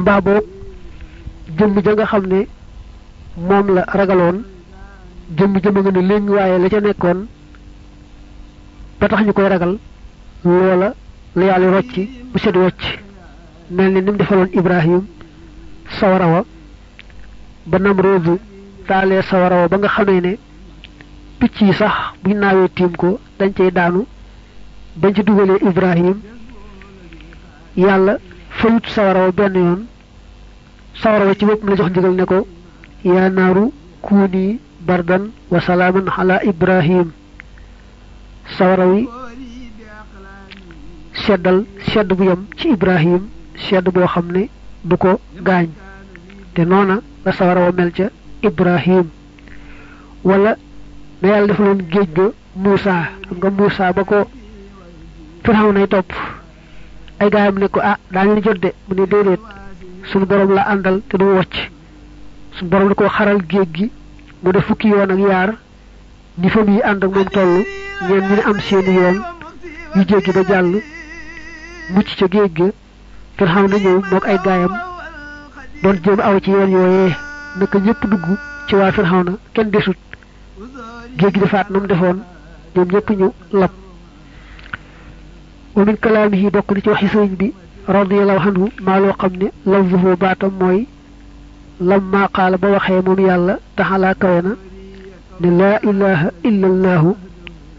mbaa boog jëmm ja nga xam ne moom la ragaloon jëmm jëmm nga ne léegi waaye la ca nekkoon ba tax ñu koy ragal loola la yàlla rocci bu set wocc mel ni ni mu defaloon Ibrahim sawara wa ba Namruud taalee sawara wa ba nga xamee ne picc yi sax buñ naawee tiim ko dañ cay daanu bañ ci dugalee Ibrahim yàlla fayut sawara wa benn ci boppam la jox ndigal ne ko yaa naaru kuuni bardan wa salaaman ala ibrahim sawara wi seddal sedd bu ci ibrahim sedd boo xam ne du ko gaañ te noona la sawara wa ibrahim wala na yàlla defaloon ga muusa xam nga muusa ba ko firaw nay topp ay gaayam ne ko ah daañu jot de mu ne déedéet suñu borom la àndal te du wocc suñu borom da ko xaral géej gi mu def fukki yoon ak yaar ni fam yi ànd ak moom toll ñeen ñu ne am seeni yoon yu jéggi ba jàll mucc ca géej ga ngir xam ne ñëw moog ay gaayam doon jéem aw ci yoon yooyee naka ñëpp dugg ci waa Firxaw na kenn desut géej gi defaat na defoon ñoom ñëpp ñu lapp wa min kalaamihi bokk na ci waxi sëriñ bi radiyallahu anhu maa loo xam ne lafzuhu baatam mooy lamma qaala ba waxee moom yàlla taxalaa kawe na ne laa ilaha illa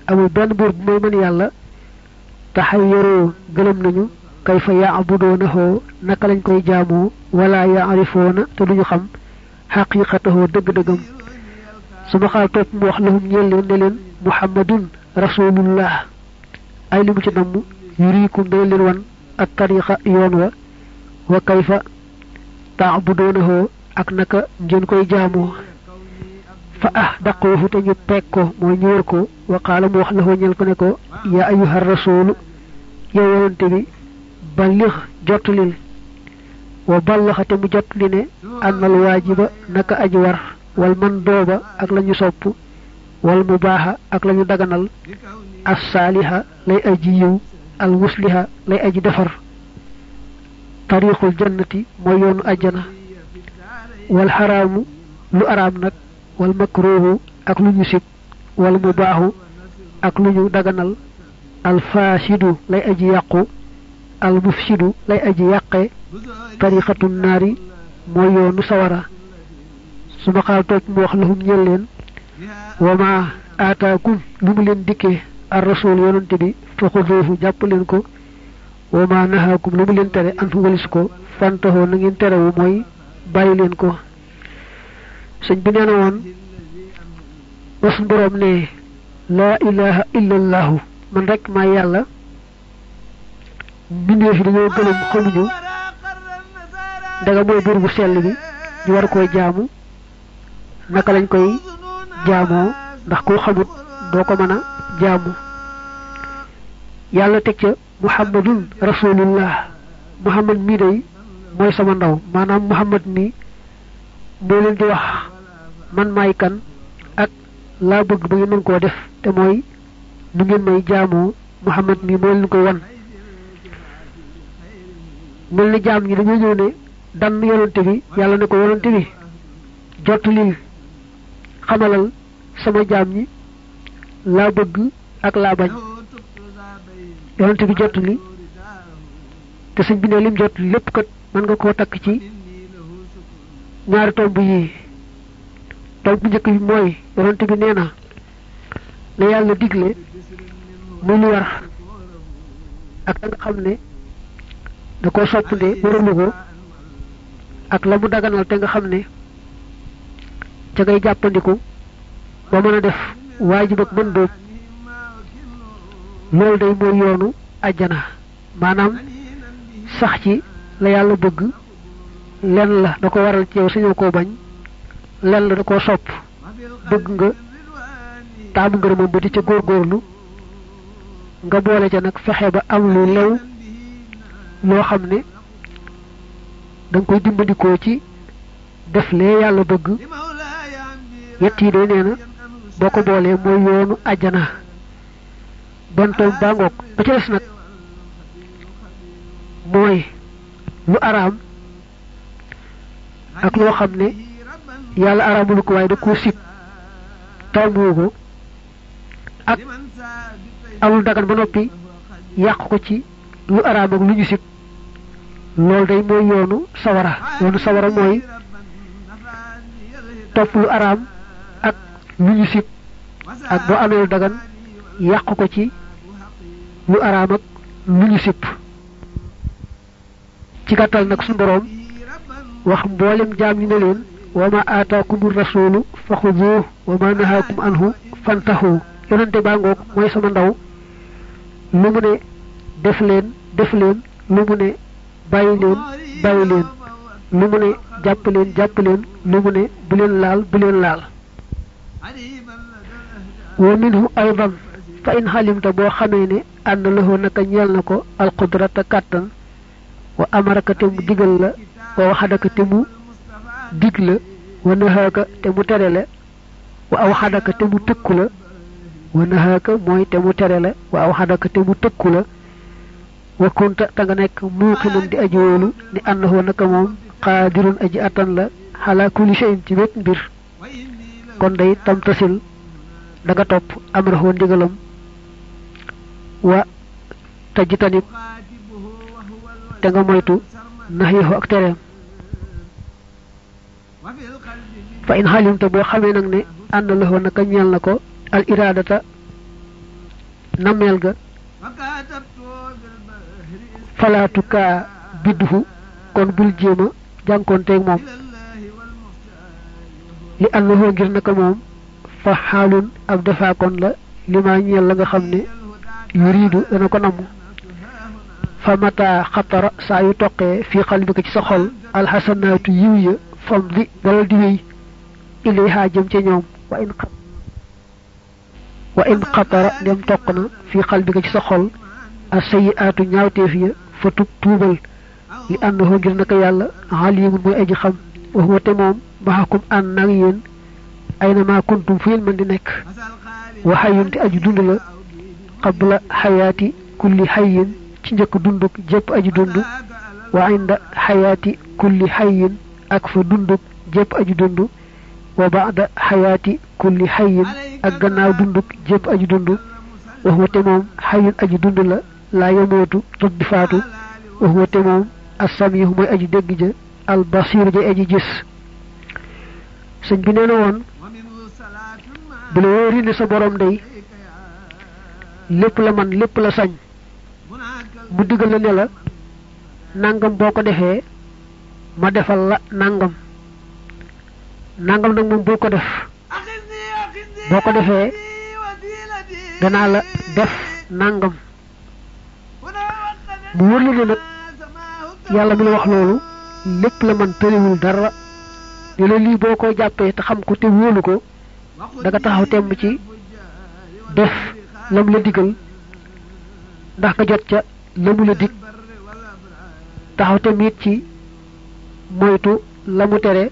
amul benn bu may mën yàlla taxayyaroo gëlëm nañu kay fa yaabudoonahoo naka lañ koy jaamoo wala yaarifoona te duñu xam xaqiqatahoo dëgg-dëggam su ma xaal topp mu wax lahum ñeel leen ne leen muhammadun rasulullah ay li mu ci namm yuriikum dana wan ak tariixa yoon wa wa kayfa taabudoonahoo ak naka ngeen koy jaamoo fa ah daquuhu te ñu peeg ko mooy ñu wër ko wa qaala mu wax lahoo ñel ko ne ko yaa ayyuha rasuulu yow yonante bi ballix jotlil wa ballaxate mu jot li ne annal waajiba naka aji war wal man dooba ak lañu ñu sopp wal mubaaxa ak lañu ñu daganal as saaliha lay aji yiw al musliha lay aji defar tariqul jannati mooy yoonu ajjana wal xaraamu lu araam nag wal makruuhu ak lu ñu sib wal mubaahu ak lu ñu daganal al faasidu lay aji yàqu al mufsidu lay aji yàqe tariqatu naari mooy yoonu sawara su ma xaal tooj mu wax lahum ñel leen wa ma aataakum lu mu leen dikkee ar rasul yonante bi fa xuduuhu jàpp leen ko wa ma nahaakum lu mu leen tere an walis ko fantaxoo na ngeen terewu mooy bàyyi leen ko sëñ bi nee woon bas boroom ne laa ilaha illallahu man rek maa yàlla mbindeef yi dañoo gëlëm xamuñu daga mooy buur bu sell bi ñu war koy jaamu naka lañ koy jaamoo ndax koo xamut doo ko mën jaamu yàlla teg ca muhammadun rasulullah muhammad mii day mooy sama ndaw maanaam muhammad mii moo leen di wax man may kan ak laa bëgg ba ngeen mën koo def te mooy nu ngeen may jaamoo muhammad mii moo leen koy wan mel ni jaam ñi dañoo ñëw ne dann yonante bi yàlla ne ko yonante bi jottalil xamalal sama jaam yi laa bëgg ak laa bañ yonent bi jot li te sëñ bi ne lim jot lépp kat mën nga koo takk ci ñaari tomb yii tomb bu njëkk bi mooy yonent bi nee na la yàlla digle muy lu war ak la nga xam ne da koo sopp ne waralu ko ak la mu daganal te nga xam ne ca ngay jàppandiku ba mën a def waajib ak mandóob loolu day mooy yoonu ajjana maanaam sax ci la yàlla bëgg lenn la da ko waral ci yow sañoo koo bañ lenn la da koo sopp bëgg nga taamu ngërëmam ba di ca góorlu nga boole ca nag fexe ba am lu lew loo xam ne da nga koy dimbandikoo ci def lee yàlla bëgg yett yi day boko bolé moy yoonu àjjana bontoom bangok ba ci des nak moy lu aram ak lo xamné ne yàlla lu ko way da ko sip tawbugo ak amul dagan ba nopi yak ko ci lu aram ak lu ñu sib day moy yoonu sawara yoonu sawara moy top lu aram lu ñu sib ak boo amee dagan yàq ko ci lu araam ak lu ñu sib ci gàttal nag suñu boroom wax mboolem jaam ñu ne leen wa ma aataakumu rasuulu fa xuduuhu wa ma nahaakum anhu fantahu yonente baa ngoog mooy sama ndaw lu mu ne def leen def leen lu mu ne bàyyi leen bàyyi leen lu mu ne jàpp leen jàpp leen lu mu ne bu leen laal bu leen laal wa minhu fa in xalimta boo xamee ne ànd lahu naka ñeel na ko alqudrata kàttan wa amaraka te mu digal la wa waxadaka te mu dig la wa nahaaka te mu tere la wa aw xadaka te mu tëkku la wa nahaaka mooy te mu tere la wa aw xadaka te mu tëkku la wa kunta te nga nekk muuqinan di aji wóolu ni ànd lahu naka moom xaadirun aji attan la xalaa kulli shay'in ci bépp mbir kon day tam tasil daga top amra ho digalam wa tajitani te nga moytu ho ak tere fa in to bo xamé nak ne and ho nak ñal nako al iradata namel ga fala tuka bidhu kon bul jema jankonté mom لانه غير نك موم فحال اب دفا كون لا لما نيل لاغا خامني يريد انا كو نام فمتى خطر سايو توقي في قلبك سي خول الحسنات يوي فضي دال ديوي الي حاجم تي نيوم وان قط وان خطر لم توقنا في قلبك سي خول السيئات نياوتي فيا فتوب توبل لانه غير نك يالا عليم بو اجي خام وهو تي موم asbahakum an nawiyun aynama kuntum fu man di nekk wa hayyun ti aji dund la qabla hayati kulli hayyin ci njëkk dunduk jépp aji dund wa inda hayati kulli hayyin ak fa dunduk jépp aji dund wa ba'da hayati kulli hayyin ak gannaaw dunduk jépp aji dund wa huwa te moom hayyin aji dund la laa yamootu dog di faatu wa huwa te moom as-samihu mooy aji dégg ja al basir ja aji gis sëñ bi nee na woon bu la wóori ne sa boroom day lépp la man lépp la sañ mu digal la ne la nangam boo ko defee ma defal la nangam nangam nag moom bul ko def boo ko defee danaa la def nangam mu wóor la ne nag yàlla mi la wax loolu lépp la man tëriwul dara ñu la lii boo ko te xam ko te wolu ko da nga taxaw temm ci def lam la digal ndax ka jot ca lamu la dig taxaw temm it ci moytu lamu téré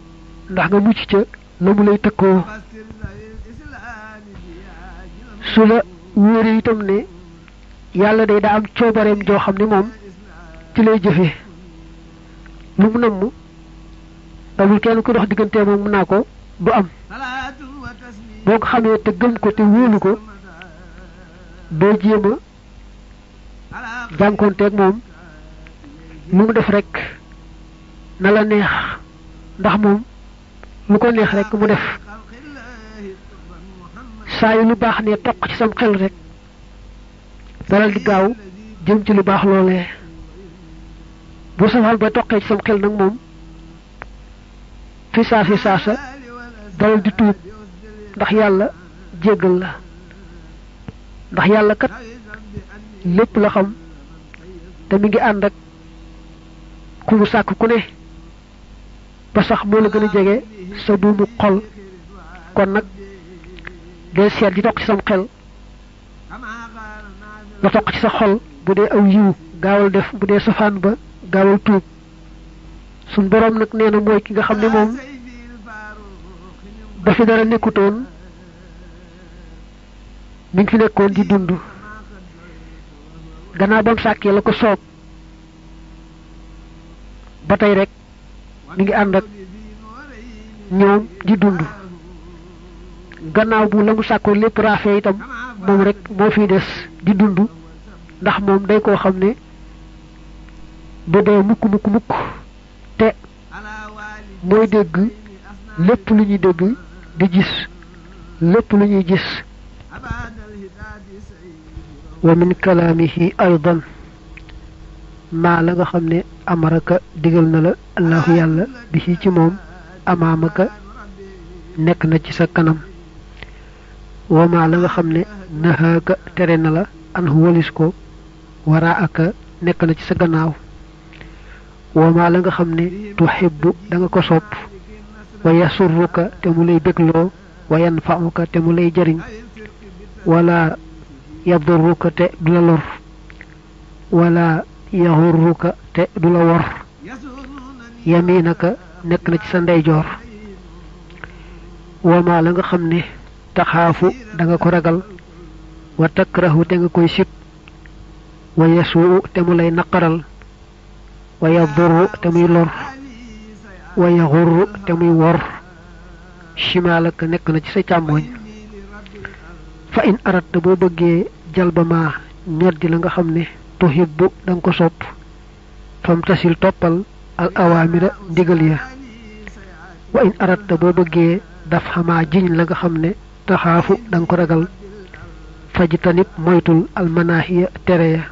ndax nga mucc ca lamu lay tekko su la itam ne yalla day da am coobareem jo xamni mom ci lay jëfé lu mu namm amul kenn ku dox diggantee moom naa ko du am boo ko xamee te gëm ko te wóolu ko doo jéem a jànkoonteeg moom lu mu def rek na la neex ndax moom lu ko neex rek mu def saa yu lu baax ne toq ci sam xel rek dalal di gaaw jëm ci lu baax loolee bu safaan ba toqee ci sam xel nag moom fi saa fi saasa dalal di tuub ndax yàlla jéggal la ndax yàlla kat lépp la xam te mi ngi ànd ak ku mu sàkk ku ne ba sax moo la gën a jege sa duumu xol kon nag dee seet di toq ci sam xel la toq ci sa xol bu dee aw yiw gaawal def bu dee safaan ba gaawal tuub sun borom nak neena moy ki nga xamne mom ba fi dara nekutoon mi ngi fi nekkoon di dund gannaaw bam sàkkee la ko soob ba tey rek mi ngi ànd ak di dund gannaaw bu la mu sàkkoon lépp itam moom rek moo fiy des di dund ndax moom day koo xam ne ba dee mukk mukk mukk mooy dégg lépp lu ñuy dégg di gis lépp lu ñuy gis wa min kalaamihi aydan maa la nga xam ne amaraka digal na la allahu yàlla bi ci ci moom amaamaka nekk na ci sa kanam wa maa la nga xam ne nahaaka tere na la an walis ko waraaka nekk na ci sa gannaaw wama la nga xam ne tuhibbu da nga ko sopp wa yasurruka te mu lay bégloo wa yanfauka te mu lay jariñ walla yadurruka te du la lor wala yaxurruka te du la wor yaminaka nekk na ci sa ndeyjoor wama la nga xam ne taxaafu danga ko ragal wa takrahu te nga koy sib wa yasuu te mu lay naqaral wa yadurru te muy lor wa yaxurru te muy wor chimaalaka nekk na ci sa càmbooñ fa in arat boo bëggee jalbamaa ñoddi la nga xam ne tuhibbu da nga ko sopp fam tasil toppal al awaamira ndigal ya wa in arat boo bëggee daf xamaa jiñ la nga xam ne taxaafu da ko ragal fajtanib moytul al tere ya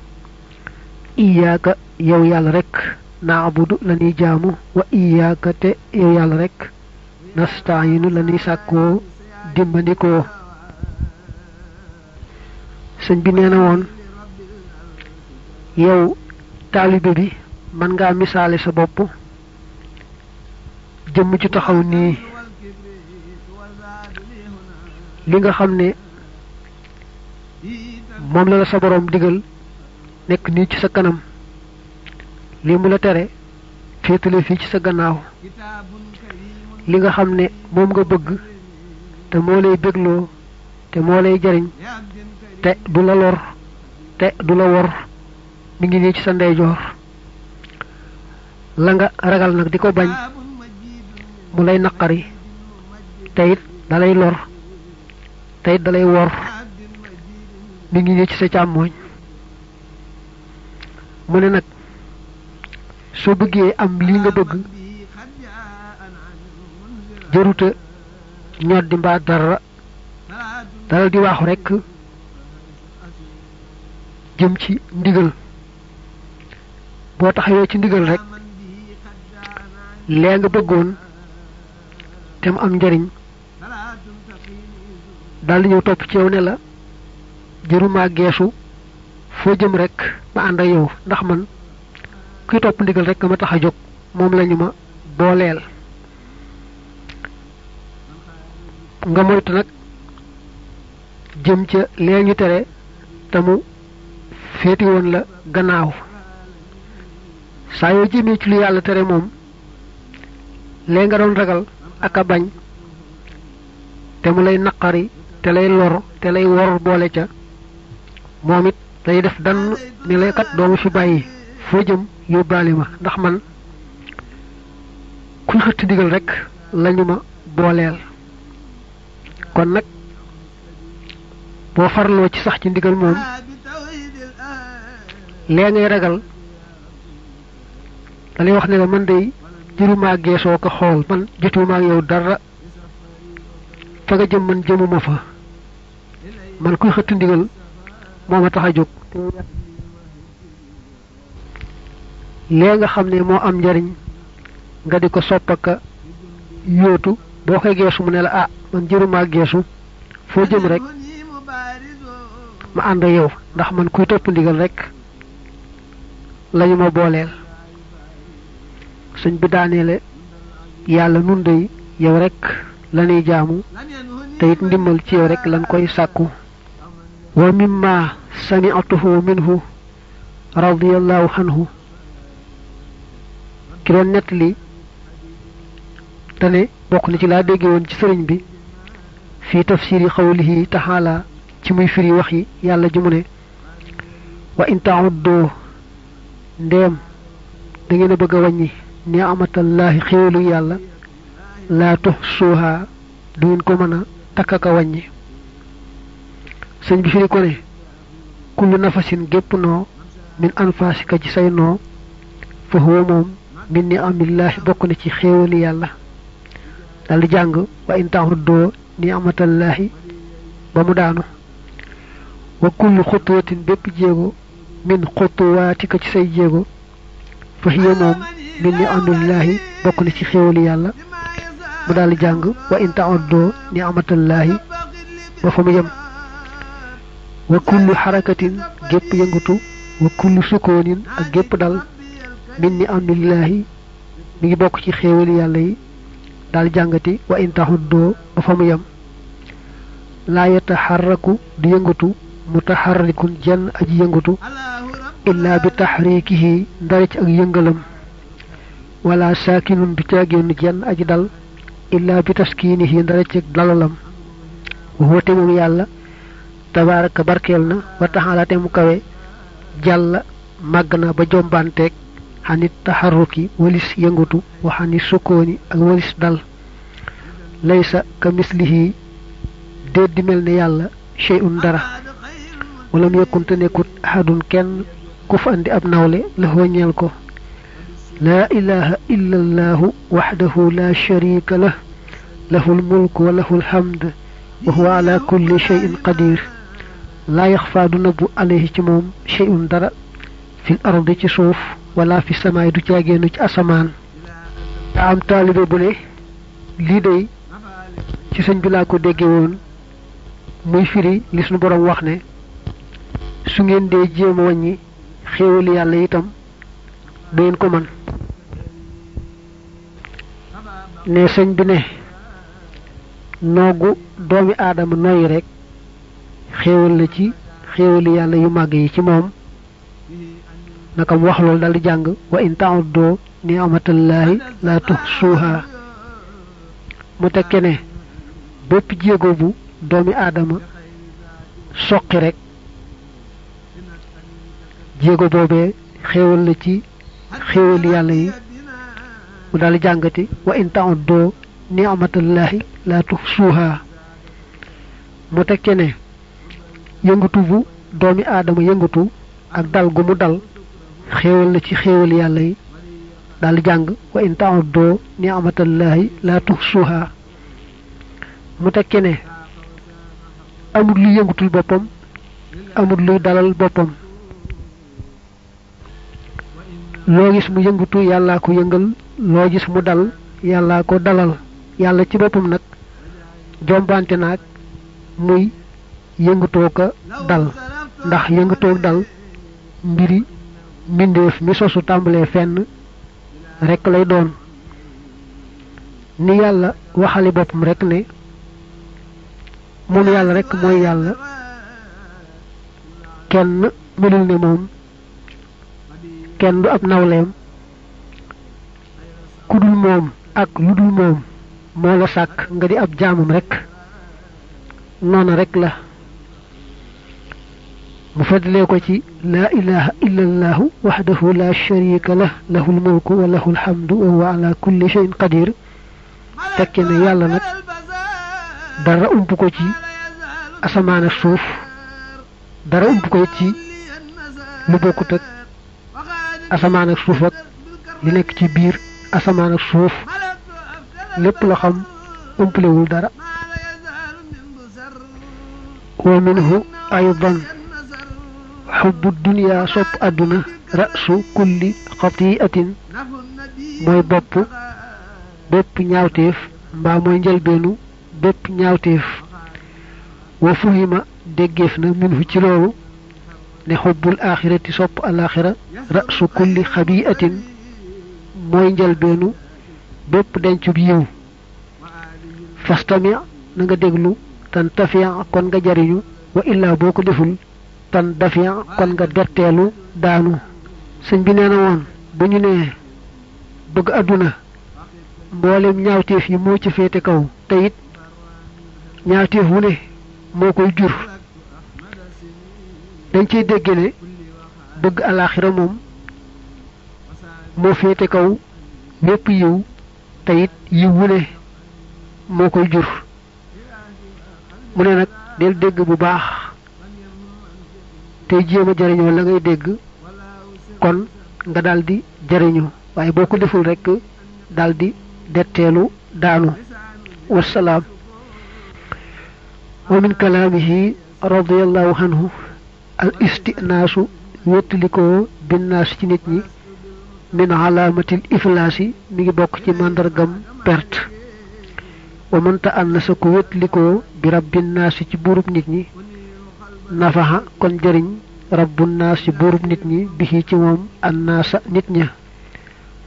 iyaaka yow yàlla rekk naabudu la ñuy jaamu wa iyaaka te yow yàlla rek nastaayinu sàkkoo dimbandikoo sëñ bi nee na woon yow taalibe bi mën ngaa misaale sa bopp jëmm ci taxaw nii li nga xam ne moom la la sa boroom digal nekk nii ci sa kanam lii mu la tere féetale fii ci sa gannaaw li nga xam ne moom nga bëgg te moo lay bégloo te moo lay jariñ te du la lor te du la wor mi ci sa ndeyjoor la ragal nag di ko bañ mu lay naqari te dalay da lay lor te it da wor mi ngi nii ci sa càmmooñ mu ne nag soo bëggee am lii nga bëgg jëruta ñoot di mbaa dara dalal di waaxu rekk jëm ci ndigal boo tax taxawee ci ndigal rekk lee nga bëggoon te mu am njariñ daldi ñëw topp ci yow ne la jëru geesu foo jëm rekk ma ànd ak yow ndax man kuy top ndigal rek ma tax jog mom lañu ma bolel nga moytu nak jëm ci leñu téré tere fété won la gannaaw sayo ci lu yalla tere mom lee nga don ragal ak a bañ té mu lay naqari té lay lor té lay wor bolé ca momit day def dan ni lay kat doomu fi bayyi fo jëm yóbbaale ma ndax man kuy xëtt digal rek lañu ma booleel kon nag boo farloo ci sax ci ndigal moom lee ngay ragal dalay wax ne la man day jërumaa geesoo ko xool man jotumaa yow dara fa nga jëm man jëmuma fa man kuy xëtt ndigal moo ma tax a jóg le nga xamne mo am njariñ nga diko sopaka yotu bo boo koy geesu mu ne la ah man jërumaa gesu fo jëm rek ma ande yow ndax man kuy top ndigal rek lañu ma bolel suñ bi daaneele yalla nun yow rek jaamu te it ndimbal ci yow rek lan koy sakku wa mimma sami'tuhu minhu radiyallahu anhu ki doon nettali dane bokk na ci laa dégge ci sëriñ bi fii tafsiri xawlihi taxaala ci muy firi wax yi yàlla ji mu ne wa in taxuddoo ndeem da ngeen a bëgg a wàññi ni'matallaahi xéewalu yàlla laa tux suuha du ngeen ko mën a takk ak a wàññi sëñ bi firi ko ne nafasin gépp noo min anfasika ci say noo fa huwa moom min ni amillaahi bokk na ci xéewali yàlla daldi jàng wa in taxuddoo ni amatallaahi ba mu daanu wa kullu xutwatin bépp jéego min xutuwaatika ci say jéego fa hiya min ni amillaahi bokk na ci xéewali yàlla mu daldi jàng wa in taxuddoo ni amatallaahi ba fa mu yem wa kullu xarakatin gépp yëngatu wa kullu sukoonin ak gépp dal min ni amnillaahi mi ngi bokk ci xéewali yàlla yi daal jàngati wa intaxuddoo ba fa mu yem laa yataxarraku di yëngatu mutaxarrikun jenn aji yëngatu illaa bi taxriikihi ndare ci ak yëngalam wala saakinun du caagéenu jenn aji dal illaa bi taskiinihi ndare ci ak dalalam waxuwa te moom yàlla tabaaraka barkeel na wa taxaala te mu kawe jàll màgg na ba jombanteeg anit taharruki walis yëngutu waxani sukkooni ak walis dal laysa ka mislihi déet di mel ne yàlla shay'un dara walam yekkunte nekkut ahadun kenn ku fa andi ab nawle la hoñeel ko لا إله إلا الله وحده لا شريك له له الملك وله الحمد وهو على كل شيء قدير لا يخفى نبو عليه تموم شيء درأ fil ardi ci suuf wala fi samaay du caagéenu ci asamaan nga am taalibe bu ne lii day ci sëñ bi laa ko dégge woon muy firi li suñu boroom wax ne su ngeen dee jéem a wàññi xéewali yàlla itam du ngeen ko man ne sëñ bi ne noogu doomi aadama noyyi rekk xéewal la ci xéewali yàlla yu màgg yi ci moom naka mu wax loolu daal di jàng wa in ta'uddu ni'matallaahi laa tuhsuuha mu tekkee ne bépp jéego bu doomi aadama soqi rek jéego boobee ci xéewal yàlla yi jàngati wa in ta'uddu ni'matallaahi laa mu tekkee ne yëngatu bu doomi yëngatu ak dal gu mu dal xéewal na ci xéewal yàlla yi daal jàng wa in ta'uddu ni'matallahi la tuhsuha mu tekki ne amul yëngutul boppam amul luy dalal boppam loo gis mu yëngutu yàllaa ko yëngal loo gis mu dal yàllaa ko dalal yàlla ci boppam nag jombante naag muy yëngutoo ko dal ndax yëngutoo dal mbiri mbindeef mi sosu tàmbalee fenn rekk lay doon ni yàlla waxale boppam rekk ne moom yàlla rekk mooy yàlla kenn mënul ne moom kenn du ab nawleem ku dul moom ak lu dul moom moo la sàkk nga di ab jaamam rekk noona rekk la mu feddalee ko ci لا إله إلا الله وحده لا شريك له له الملك وله الحمد وهو على كل شيء قدير تكينا يالا نك دار أم بكوتي أسمعنا الشوف دار أم بكوتي لبكوتك أسمعنا اسمان الصوف لنك تي بير اسمان الصوف لب لخم امبلي ومنه ايضا xubbu duniyaa sopp àdduna ra'su kulli xatii'atin mooy bopp bépp ñaawteef mbaa mooy njëlbeenu bépp ñaawteef wa fuhima déggeef na minhu ci loolu ne xubbul aaxirati sopp alaaxira ra'su kulli xabii'atin mooy njëlbeenu bépp dencub yiw fastami na nga déglu tan tafiya kon nga jariñu wa illaa boo deful tan dafiyan kon nga detteelu daanu sëñ bi nee na woon bu ñu nee bëgg àdduna mboolem ñaawteef yi moo ci féete kaw te it ñaawteef wu ne moo koy jur dañ ciy dégg ne bëgg alaaxira moom moo féete kaw ñépp yiw te yiw wu ne moo koy jur mu ne nag del dégg bu baax tey jéem a jariñoo la ngay dégg kon nga daldi di waaye boo ko deful rekk daldi di detteelu daanu wasalaam wa min kalaamihi radiallahu anhu al istinaasu wéttalikoo binnaas ci nit ñi min alaamatil iflaasi mi ngi bokk ci màndargam perte wa mënta ànn sa ko bi rabbi naasi ci buurub nit ñi nafaha kon jariñ rabbun nas burub nit ñi bihi ci mom nas nit ñi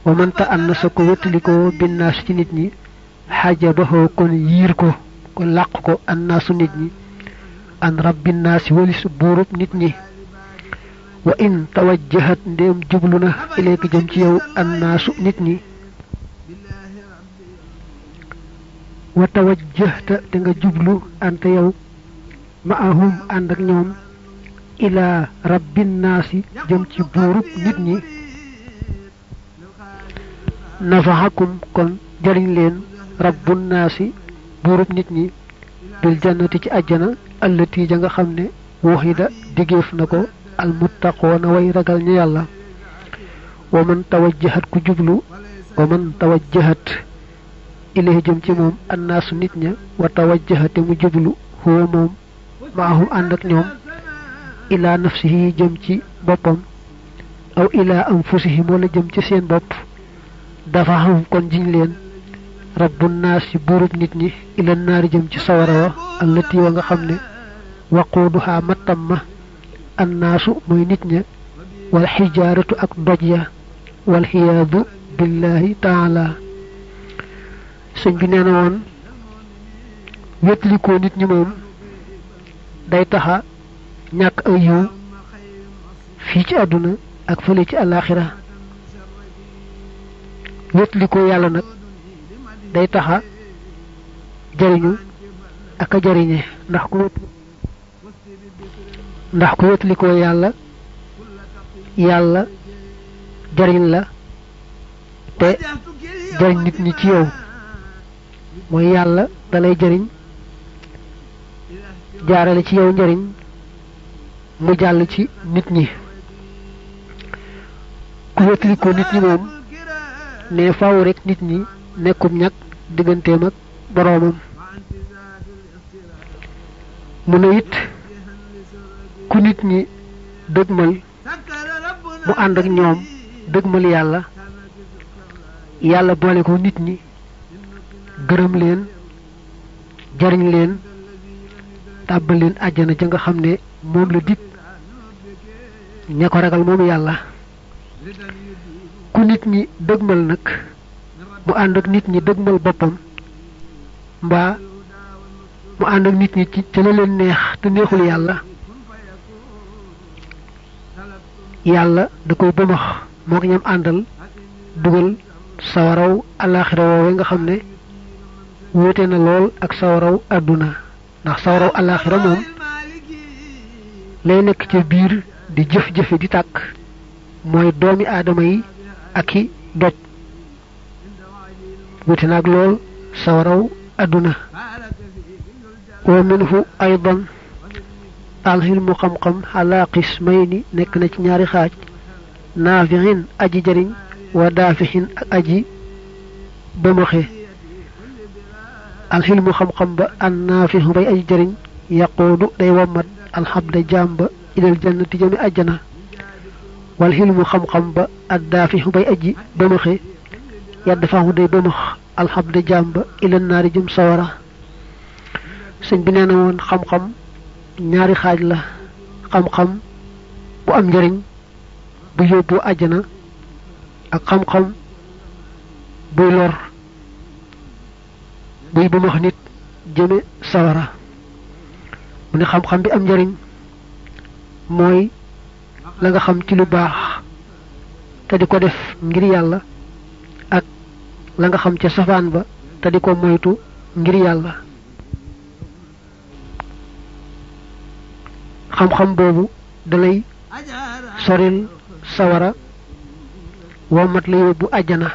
wa man ta nas ko wetliko bin nas ci nit ñi hajabahu kon yir ko kon laq ko nas nit ñi an rabbin nas walis burub nit ñi wa in tawajjahat ndem jubluna ko jëm ci yow nas nit ñi wa tawajjahta te nga jublu ante yow maahum ànd ak jëm ci buurub nit ñi nafaxakum kon jëriñ leen rabbun buurub nit ñi bil jannati ci àjjana allati ja nga xam ne waxida digéef na ko almuttaqoona way ragal ñu yàlla wa man tawajjahat ku jublu wa man tawajjahat ilay jëm ci moom annaasu nit ña wa tawajjahate mu jublu huwa moom maahum ànd ak ñoom ilaa nafsihi jëm ci boppam aw ilaa anfusihim wala jëm ci seen bopp dafa xam kon jiñ leen rabbu naas ci buurub nit ñi ila naari jëm ci sawara wa allati wa nga xam ne waquuduhaa mattam ma annaasu mooy nit ña wal xijaaratu ak doj ya wal xiyaadu billahi taala sëñ bi nee na woon nit ñi moom day taxa ñàkk aw yiw fii ci àdduna ak fële ci àllaaxira wétli ko yàlla nag day taxa jariñu ak a jariñe ndax ku ndax ko wétli ko yàlla yàlla jariñ la te jariñ nit ñi ci yow mooy yàlla dalay jariñ jaarale ci yow njariñ mu jàll ci nit ñi ku wétali ko nit ñi moom ne faaw nit ñi nekkum ñag digganteem ak boroomam mu ne it ku nit ñi dëgmal mu ànd ak ñoom dëgmal yàlla yàlla boole ko nit ñi gërëm leen jariñ leen tabal leen aljana ja nga xamne mom la dig ñako ragal mom yalla ku nit ñi deggmal nak bu and ak nit ñi deggmal bopam mbaa mu and ak nit ñi ci la leen neex te neexul yalla yalla da koy mo ko ñam andal duggal sawaraw wo nga xamne na lool ak sawaraw aduna ndax sawraw alaxira mom lay nek ci bir di jëf-jëfe di tak moy doomi adamay yi ak i doj wuti nak lol sawraw aduna wa minhu aydan alhil muqamqam ala qismayn nek na ci ñaari xaj naafixin aji jariñ wa dafihin aji bëmaxe alxilmu xam-xam ba annaafihu bay aji jëriñ yaquudu day wommat alxabda jaam ba ilal jannati jëmi àjjana wal xilmu xam-xam ba addaafihu bay aji bëmëxe yaddafahu day bëmëx alxabda jaam ba ilal naari jëm sawara sëñ bi nee na woon xam-xam ñaari xaaj la xam-xam bu am njëriñ bu yóbbu àjjana ak xam-xam buy lor buy bu wax nit jëme sawara mu ne xam-xam bi am njariñ mooy la nga xam ci lu baax te di ko def ngir yàlla ak la nga xam ca safaan ba te di ko moytu ngir yàlla xam-xam boobu dalay soril sawara womat la yóbbu àjjana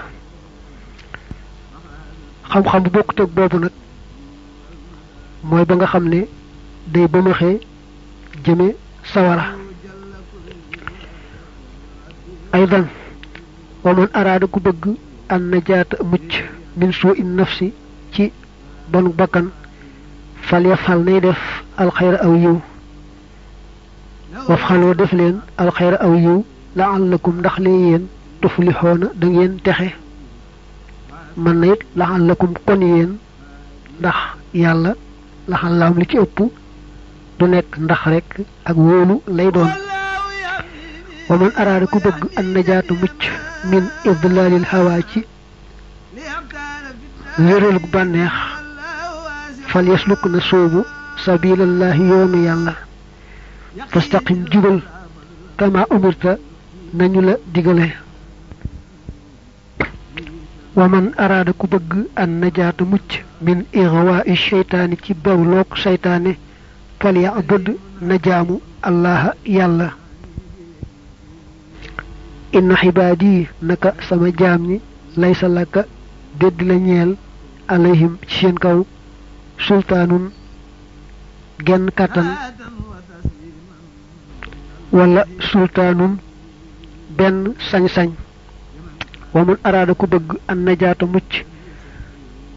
xam-xam bu bokkut ak boobu nag mooy ba nga xam ne day bëmaxee jëme sawara aydan wa man araada ku bëgg an najaata mucc min suu in nafsi ci bonu bakkan fal ya fal nay def alxayra aw yiw waf xaloo def leen alxayra aw yiw laallakum ndax lee yéen tuflixoona da ngeen texe mën na it laxal lakum kon yéen ndax yàlla laxal laam li ci ëpp du nekk ndax rekk ak wóolu lay doon wa man araada ku bëgg ak najaatu mucc min idlalil hawa ci wéralu bànneex fal yasluk na soobu sabilallahi yoonu yàlla fastaqim jugal kama umirta nañu la digale wa man araada ku bëgg an najaata mucc min ixwaa'i seytaani ci bewloog seytaane fal yabud na jaamu allaha yàlla inna xibaad yi naka sama jaam ñi laysa laka dédd ci seen kaw sultaanun genn kàttan wala sultaanun benn sañ-sañ ومن أراد كبغ أن نجات مج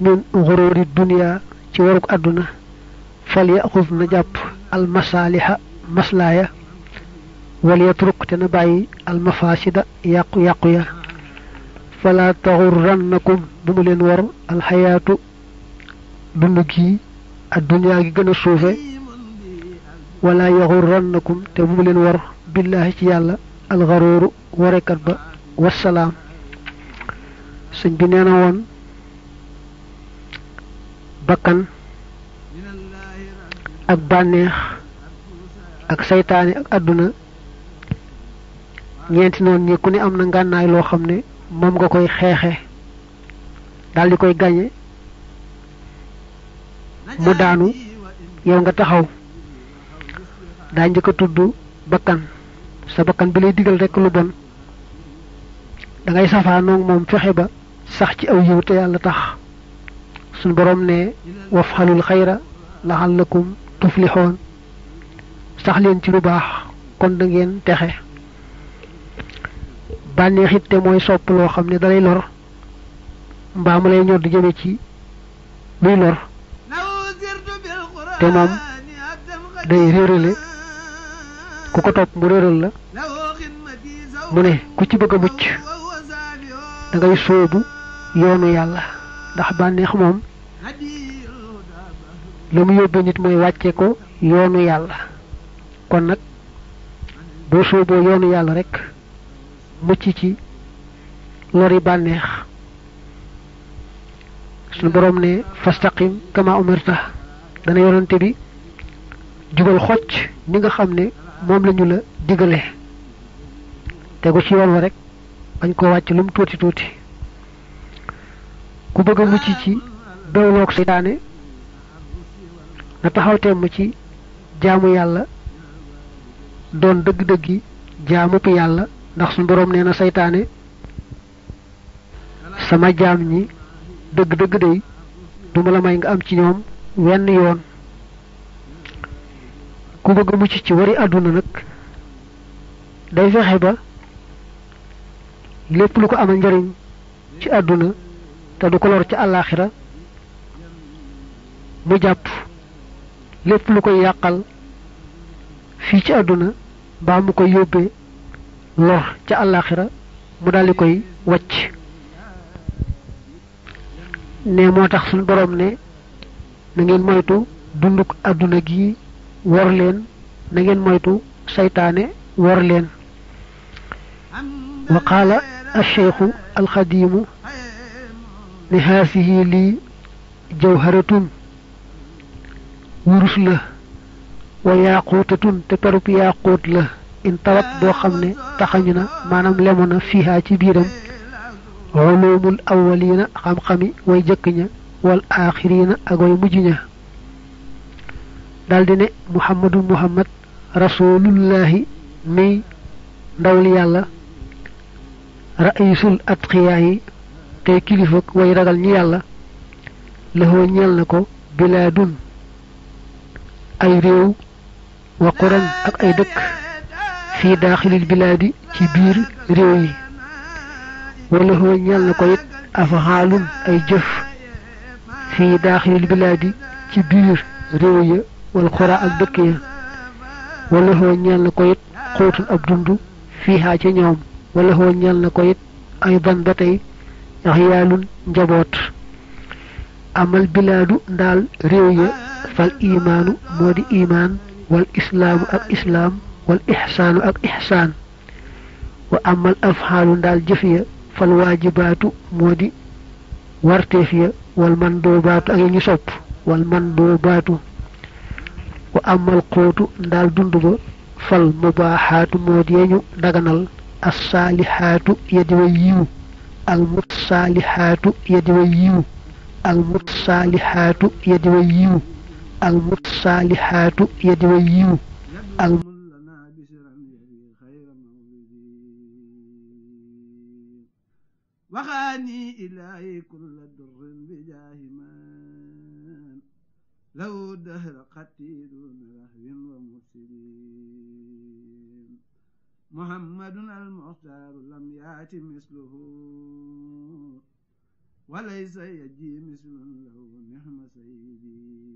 من غرور الدنيا تورك أدنى فليأخذ نجاب المصالح مصلايا وليترك تنباي المفاسد يقو يقويا فلا تغرنكم بملين ور الحياة بمجي الدنيا جنة صوفة ولا يغرنكم تبملين ور بالله تيالا الغرور وركب والسلام sëñ bi nee na woon bakkan ak bànneex ak saytaane ak àdduna ñeenti noonu ñi ku ne am na ngànnaay loo xam ne moom nga koy xeexe daal di koy gañe mu daanu yow nga taxaw daa njëkk tudd bakkan sa bakkan bi lay digal rekk lu bon da safaanoog moom fexe ba sax ci aw yiw te yàlla tax suñu boroom ne wafxalul xayra na laxallakum tuflixoon sax leen ci lu baax kon da texe bànneexit te mooy sopp loo xam ne dalay lor mbaa mu lay ñor di jëme ci luy lor te moom day réerale ku ko topp mu réeral la mu ne ku ci bëgg a mucc da ngay yoonu yàlla ndax bànneex moom la mu yóbbee nit mooy wàcce ko yoonu yàlla kon nag boo sóoboo yoonu yàlla rek mucc ci lori bànneex suñu boroom ne fastaqim kama umirta dana yonante bi jubal xocc ni nga xam ne moom lañu la digale tegu ci yoon wa rek bañ koo wàcc lum mu tuuti tuuti ku bëgg mucc ci dawloog seytaane na taxaw temm ci jaamu yàlla doon dëgg-dëggi jaamub yàlla ndax suñu boroom nee na seytaane sama jaam ñi dëgg-dëgg day duma la may nga am ci ñoom wenn yoon ku bëgg mucc ci wari àdduna nag day fexe ba lépp lu ko amal njariñ ci àdduna te du ko lor ci àllaaxira mu jàpp lépp lu koy yàqal fii ci àdduna baa mu koy yóbbee lor ca àllaaxira mu daldi koy wacc ne moo tax suñu boroom ne na ngeen moytu dunduk àdduna gi wor leen na ngeen moytu seytaane wor leen wa qaala alcheikhu alxadimu ne haasihi lii jawharatun wurus la wa yaaquutatun te perub yaaquut la in boo xam ne taxañu na maanam lemu na ci biiram ulumul awwaliina xam-xami way jëkk ña wal aaxiriina ak mujj ña daldi ne muhammadu muhammad rasulullahi mi ndawli yàlla raisul atqiyaa yi kay kilifa way ragal ñi yàlla lahoo ñeel na ko bilaadun ay rew wa quran ak ay dëkk fi dakhil al bilad ci bir rew yi wala ho ñeel nako yit afhalun ay jëf fi dakhil al bilad ci bir rew yi wal qura ak dëkk yi wala ho ñeel nako yit it xóotul ab dund fiihaa ca ñoom wala ho ñeel nako yit ay ban batay xiyaalun njaboot amal bilaadu ndaal réew ya fal imaanu moo di imaan wal islaamu ak islaam wal ixsaanu ak ixsaan wa amal afxaalu ndaal jëf ya fal waajibaatu moo di wal mandoobaatu ak ya sopp wal mandoobaatu wa amal xóotu ndaal dund ba fal mubaaxaatu moo di daganal as saalixaatu ya way yiw almursalihatu yadi way yiw almursalihatu yadi way yiw almursalihatu yadi way yiw وغاني إلهي كل در بجاه من لو دهر قتيل محمد المختار لم يأت مثله وليس يجي مثل له نعم سيدي